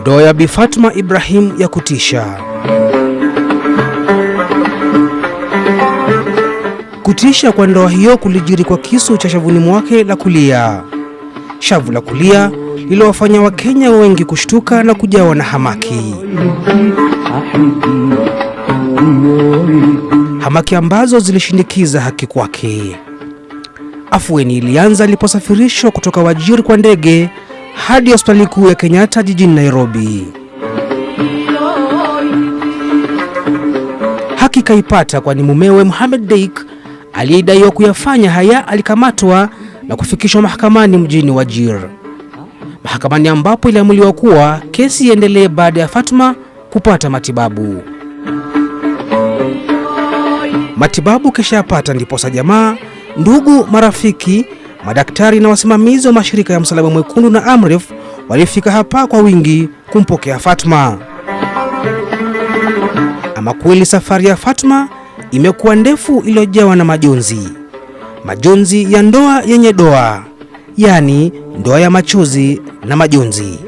Ndoa ya Bi Fatma Ibrahim ya kutisha. Kutisha kwa ndoa hiyo kulijiri kwa kisu cha shavuni mwake la kulia. Shavu la kulia lilowafanya Wakenya wengi kushtuka na kujawa na hamaki. Hamaki ambazo zilishinikiza haki kwake. Afueni ilianza aliposafirishwa kutoka Wajir kwa ndege hadi hospitali kuu ya Kenyatta jijini Nairobi. Haki kaipata, kwani mumewe Mohamed Deik aliyedaiwa kuyafanya haya alikamatwa na kufikishwa mahakamani mjini Wajir, mahakamani ambapo iliamuliwa kuwa kesi iendelee baada ya Fatma kupata matibabu. Matibabu kisha yapata, ndiposa jamaa, ndugu, marafiki Madaktari na wasimamizi wa mashirika ya Msalaba Mwekundu na Amref walifika hapa kwa wingi kumpokea Fatma. Ama kweli safari ya Fatma imekuwa ndefu iliyojawa na majonzi, majonzi ya ndoa yenye doa, yaani ndoa ya machozi na majonzi.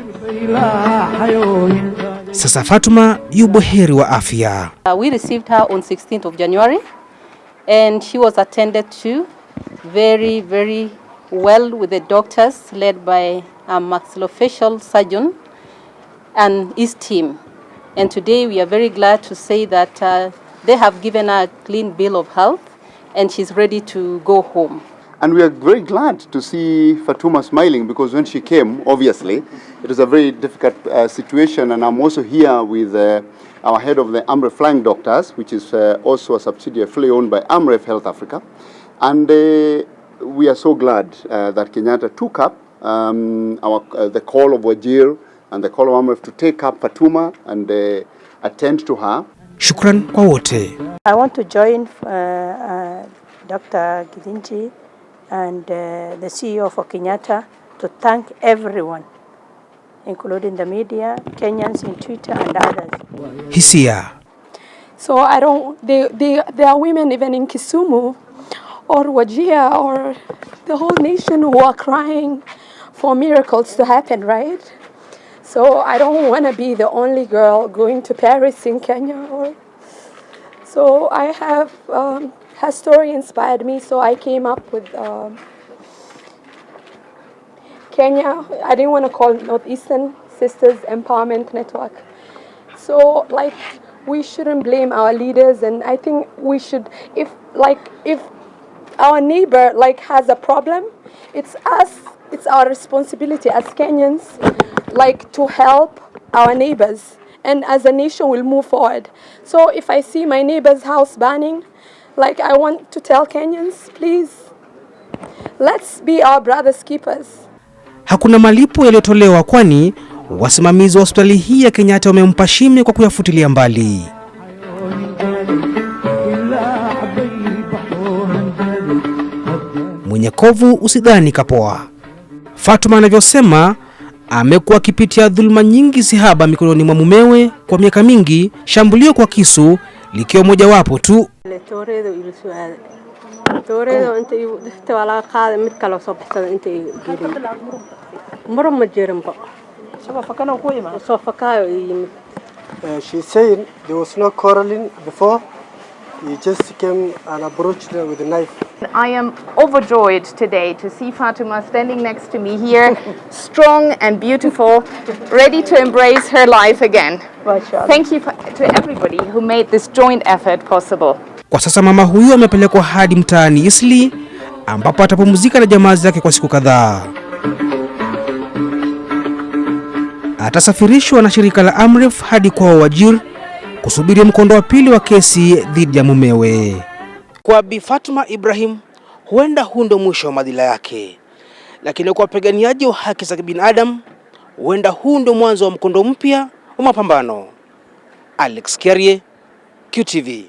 Sasa Fatma yu buheri wa afya. Uh, we received her on 16th of January and she was attended to very very well with the doctors led by a um, maxillofacial surgeon and his team. And today we are very glad to say that uh, they have given her a clean bill of health and she's ready to go home. And we are very glad to see Fatuma smiling because when she came, obviously, it was a very difficult uh, situation. And I'm also here with uh, our head of the Amref Flying Doctors, which is uh, also a subsidiary fully owned by Amref Health Africa. And uh, we are so glad uh, that Kenyatta took up um, our, uh, the call of Wajir and the call of Amref to take up Fatuma and uh, attend to her. Shukran kwa wote. I want to join uh, uh, Dr. Githinji and uh, the CEO for Kenyatta to thank everyone including the media, Kenyans in Twitter and others. Hisia. So I don't they, they, there are women even in Kisumu or Wajia or the whole nation who are crying for miracles to happen, right? So I don't want to be the only girl going to Paris in Kenya. Or, so I have, um, her story inspired me, so I came up with um, Kenya. I didn't want to call Northeastern Sisters Empowerment Network. So, like, we shouldn't blame our leaders, and I think we should, if, like, if our neighbor like has a problem, it's us, it's our responsibility as Kenyans like to help our neighbors and as a nation we'll move forward. So if I see my neighbor's house burning, like I want to tell Kenyans, please let's be our brothers keepers. Hakuna malipo yaliyotolewa kwani wasimamizi wa hospitali hii ya Kenyatta wamempa shime kwa kuyafutilia mbali. Mwenye kovu usidhani kapoa. Fatuma anavyosema amekuwa akipitia dhuluma nyingi sihaba mikononi mwa mumewe kwa miaka mingi, shambulio kwa kisu likiwa mojawapo tu. He just came and approached her with a knife. I am overjoyed today to see Fatima standing next to me here, strong and beautiful, ready to embrace her life again. Thank you for, to everybody who made this joint effort possible. Kwa sasa mama huyu amepelekwa hadi mtaani Isli ambapo atapumzika na jamaa zake kwa siku kadhaa. Atasafirishwa na shirika la Amref hadi kwao Wajir kusubiri mkondo wa pili wa kesi dhidi ya mumewe. Kwa Bi Fatuma Ibrahim, huenda huu ndio mwisho wa madhila yake, lakini kwa wapiganiaji wa haki za kibinadamu, huenda huu ndio mwanzo wa mkondo mpya wa mapambano. Alex kerie QTV.